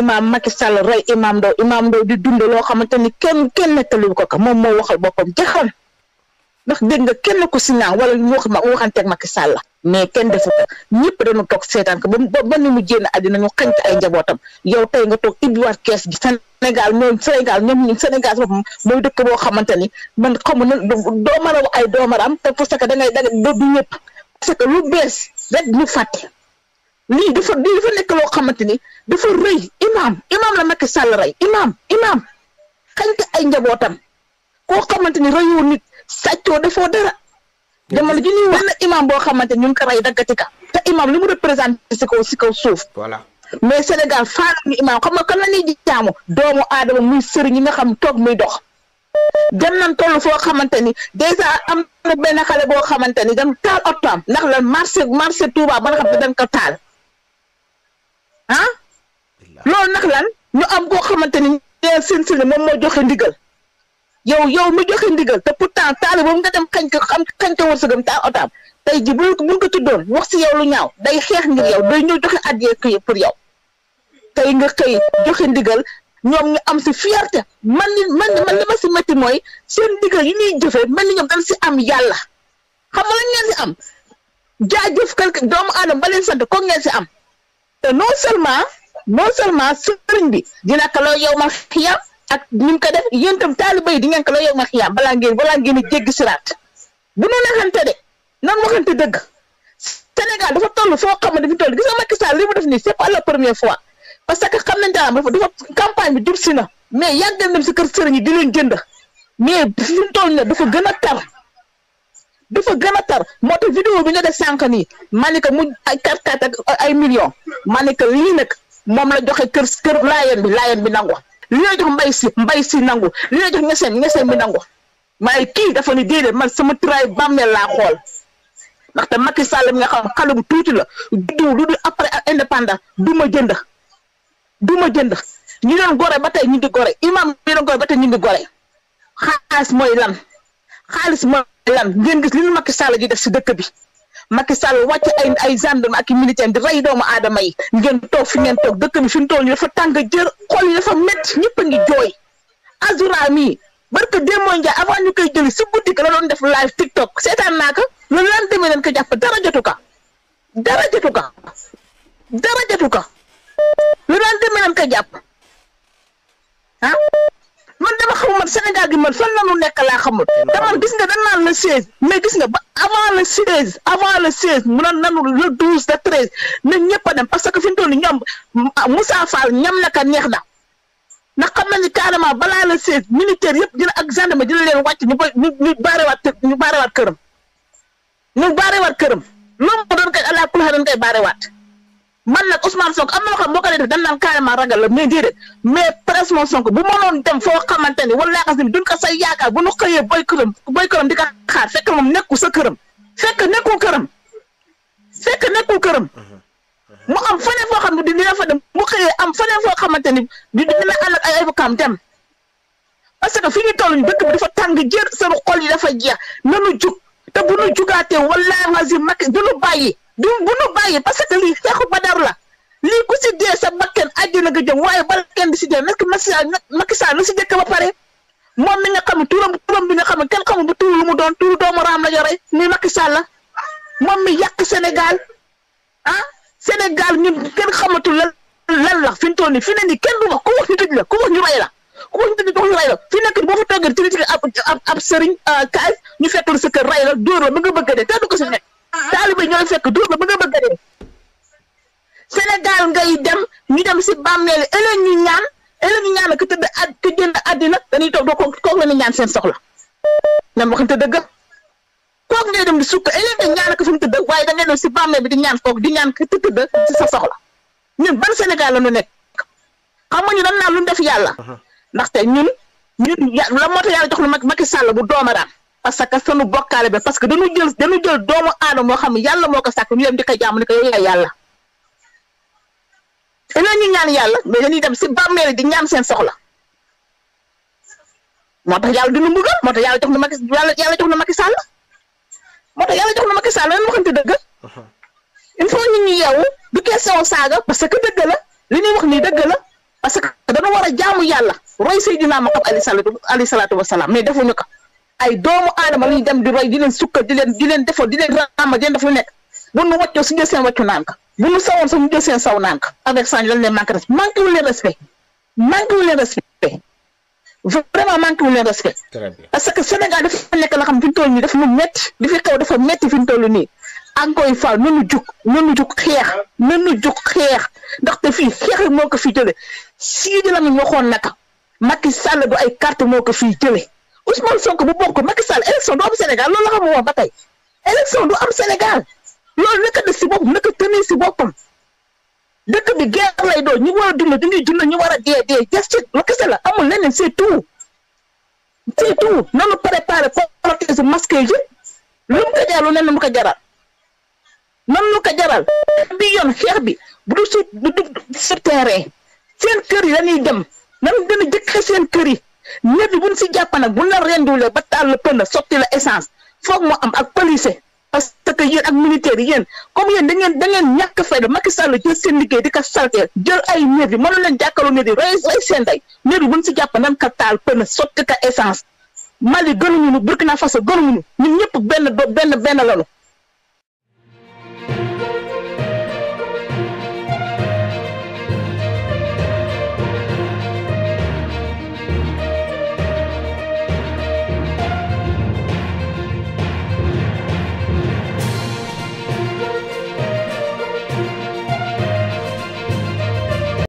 imaam Macky Sall rey imaam Ndao imaam Ndao di dund loo ni kenn kenn nettaliwu ko ko moo waxal boppam jaxam ndax dégg nga kenn ku si naan wala ñu wax ma waxanteeg Macky Sall mais kenn defu ko ñëpp dañu toog seetaan ko ba ba ni mu génn àddina ñu xañ ay njabootam yow tey nga toog ibbiwaat kees gi Sénégal moom Sénégal ñoom ñun Sénégal moom mooy dëkk boo xamante ni man na doo mën a wax ay doomaram te parce da da du ñëpp parce que lu bees rek ñu fàtte. lii dafa lii dafa nekk loo xamante ni dafa rëy imaam imaam la Macky Sall rey imaam imaam xañ ko ay njabootam koo xamante ni rëyoo nit sàccoo defoo dara jamono ji ñuy wax benn imaam boo xamante ni ñu rey daggati ka te imaam li mu représenté si kaw si kaw suuf voilà mais Sénégal faana ñu imaam xam nga kan la ñuy jaamu doomu aadama muy sëriñ yi nga xam toog muy dox dem nañ toll foo xamante ni dèjà am na benn xale boo xamante ni dem taal otoam ndax lan marché marché Touba ba nga xam ne dañ ko taal ah loolu nag lan ñu am koo xamante ni seen sëriñ moom moo joxe ndigal yow yow mu joxe ndigal te pourtant taali boobu nga dem kañ ko xam kañ ko wërsëgam ta otaam tey ji bu buñ tuddoon wax si yow lu ñaaw day xeex ngir yow day ñëw joxe addiyee kii pour yow tey nga xëy joxe ndigal ñoom ñu am si fierté man li man man li ma si métti mooy seen ndigal yi ñuy jëfee man ni ñoom dañ si am yàlla xam nga lañ ngeen si am jaajëf kër doomu aadama ba leen sant ko ngeen si am te non seulement non seulement sëriñ bi dina ko loo yow ma xiyam ak ni mu ko def yéen itam taaliba yi di ngeen ko loo ma xiyam balaa ngeen balaa ngeen a jéggi siraat bu nu naxante de nan waxante dëgg Sénégal dafa toll foo xam ne dafa toll gis nga Macky li mu def nii c'est pas la première fois parce que xam nañ daal dafa dafa campagne bi jub si na mais yàggal na si kër sëriñ yi di leen jënd mais fi mu dafa gën a tar. dafa gën a tar moo tax vidéo bi nga def sànq nii ma mu ay 4 ak ay million ma ne que lii nag moom la joxe kër kër laayeen bi laayeen bi nangu li la jox mbay si mbay si nangu li la jox ñeseen bi nangu waaye kii dafa ni déedéet man sama turaay bàmmeel laa xool ndaxte Macky Sall mi nga xam xale bu tuuti la du du du après indépendant du ma jënd du ma jënd ñu doon gore ba tey ñu ngi gore imam ñu gore ba tey ñu ngi gore xaalis moy lan xaalis mooy lan ngeen gis li nu Macky Sall def si dëkk bi Macky Sall wàcc ay ay gendarme ak militaire di rey doomu aadama yi ngeen toog fi ngeen toog dëkk bi fi mu toll nii dafa tàng jër xol yi dafa métti ñëpp a ngi jooy Azura mii barke Demba Ndiaye avant ñu koy jëli si guddi la doon def live TikTok seetaan naa ko loolu lan demee leen ko jàpp dara jotu ka dara jotu ka dara jotu ka lu daan jàpp ah. dama xam man Sénégal gi man fan la nu nekk laa xam te man gis nga dañ naan le seize mais gis nga ba avant le seize avant le seize mu ne nanu le douze le treize na ñëpp a dem parce que fi mu toll nii ñoom ah, Moussa Fall ñam na ka neex na ndax xam nañu carrément balaa la seize militaire yëpp dina ak gendarme dina leen wàcc ñu koy ñu ñu baarewaat ñu baarewaat këram ñu baarewaat këram loolu moo doon koy allah kulli doon koy baarewaat. man nag Ousmane Sonko am na loo xam boo ko def dañ naan ragal la mais déedéet mais presque moom Sonko bu mënoon dem foo xamante ni wala yaakaar ni duñ ko say yaakaar bu nu xëyee boy këram boy këram di ko xaar fekk moom nekku sa këram fekk nekkul këram fekk nekkul këram. mu am feneen foo xam ne dina fa dem mu xëyee am feneen foo xamante ni dina ànd ak ay avocat dem parce que fi ñu toll nii dëkk bi dafa tàng jër seen xol yi dafa jeex nanu jug te bu nu jugaatee wala nga si mag du nu bàyyi. du bu nu parce que lii xeexu badar la lii ku si dee sa bakken àjjana nga jëm waaye bala kenn di si dee nekk Macky Sall na si dëkk ba pare moom mi nga xam ne turam turam bi nga xam ne kenn xamul bu tuuru lu mu doon tuuru doomu raam la yore muy Macky Sall la moom mi yàq Sénégal ah Sénégal ñun kenn xamatul lan lan la fi mu toll nii fi ne nii kenn du wax ku wax ñu tëj la ku wax ñu rey la ku wax ñu tëj la fi nekk nii boo fa toogee ci ab ab ab sëriñ euh, kaay ñu fettul sa kër rey la dóor nga bëgg a ko si taalibe ñooy fekk dóor la ba nga bëgg a dee Sénégal ngay dem ñu dem si bàmmeeli ëllëg ñu ñaan ëllëg ñu ñaan la tëdd ad ku génn àddina dañuy toog doo ko la ñaan seen soxla nan waxante dëgg kooku ngay dem di sukk ëllëg nga ñaan ko fi mu tëdd waaye da ngay dem si bàmmeel bi di ñaan kooku di ñaan ku tëdd si sa soxla ñun ban Sénégal la ñu nekk xam nga ñu dañ naan lu ñu def yàlla ndaxte ñun ñun ya moo tax yàlla jox lu Macky Sall bu doomaraam parce que sunu bokkaale ba parce que dañu jël dañu jël doomu aadama moo xam ne yàlla moo ko sàkk ñu dem di ko jàmm ni ko yow yaay yàlla dañoo ñu ñaan yàlla mais dañuy dem si bàmmeel di ñaan seen soxla moo tax yàlla dina mbugal moo tax yàlla jox na Macky yàlla yàlla jox na Macky Sall moo tax yàlla jox na Macky Sall lan moo xamante dëgg il faut nit ñi yeewu du question saaga parce que dëgg la li ñuy wax nii dëgg la parce que dañu war a jaamu yàlla roy Seydina Muhammad alayhi salaatu alayhi salaatu wasalaam mais defuñu ko ay doomu aadama la dem di roy di leen sukkal di leen di leen defal di leen ràmma di leen def lu nekk bu nu wàccoo su jël seen wàccu naan ka bu nu sawoon sax mu jël seen saw naan ka avec ça lan leen manqué respect manqué wu leen respect manqué wu leen respect parce que Sénégal dafa nekk la xam fi mu toll nii dafa lu métti di fi xew dafa métti fi mu toll nii encore faal nanu jug nanu jug xeex nu jug xeex ndaxte fii xeex rek moo ko fii jëlee Sidi Lamine waxoon naka Macky Sall du ay kart moo ko fii jëlee. Ousmane Sonko bu bokk Macky Sall élection du am Sénégal loolu la xamul woon ba tey du am Sénégal loolu naka def si boppam naka tënee si boppam dëkk bi guerre lay doo ñu war a dund dañuy dund ñu war a dee dee kese la amul leneen c'est tout c'est tout nanu préparé protège masque yi lu mu ko jaral ne nu mu ko jaral nan ko jaral bi yoon bu du su bu du su terrain seen kër yi dañuy dem nan dana seen kër yi nervi buñ si jàpp nag buñ la rendulee ba taal la pënd sotti la essence foog moo am ak policier parce que yéen ak militaire yéen comme yéen da ngeen da ngeen ñàkk fayda Macky Sall jël seen liggéey di ko salteel jël ay nervi mënu leen jàkkaarloo nervi rey rey seen day nervi buñ si jàpp nan ka taal pënd sotti ka essence Mali gënuñu nu Burkina Faso gënuñu nu ñun ñëpp benn benn benn lañu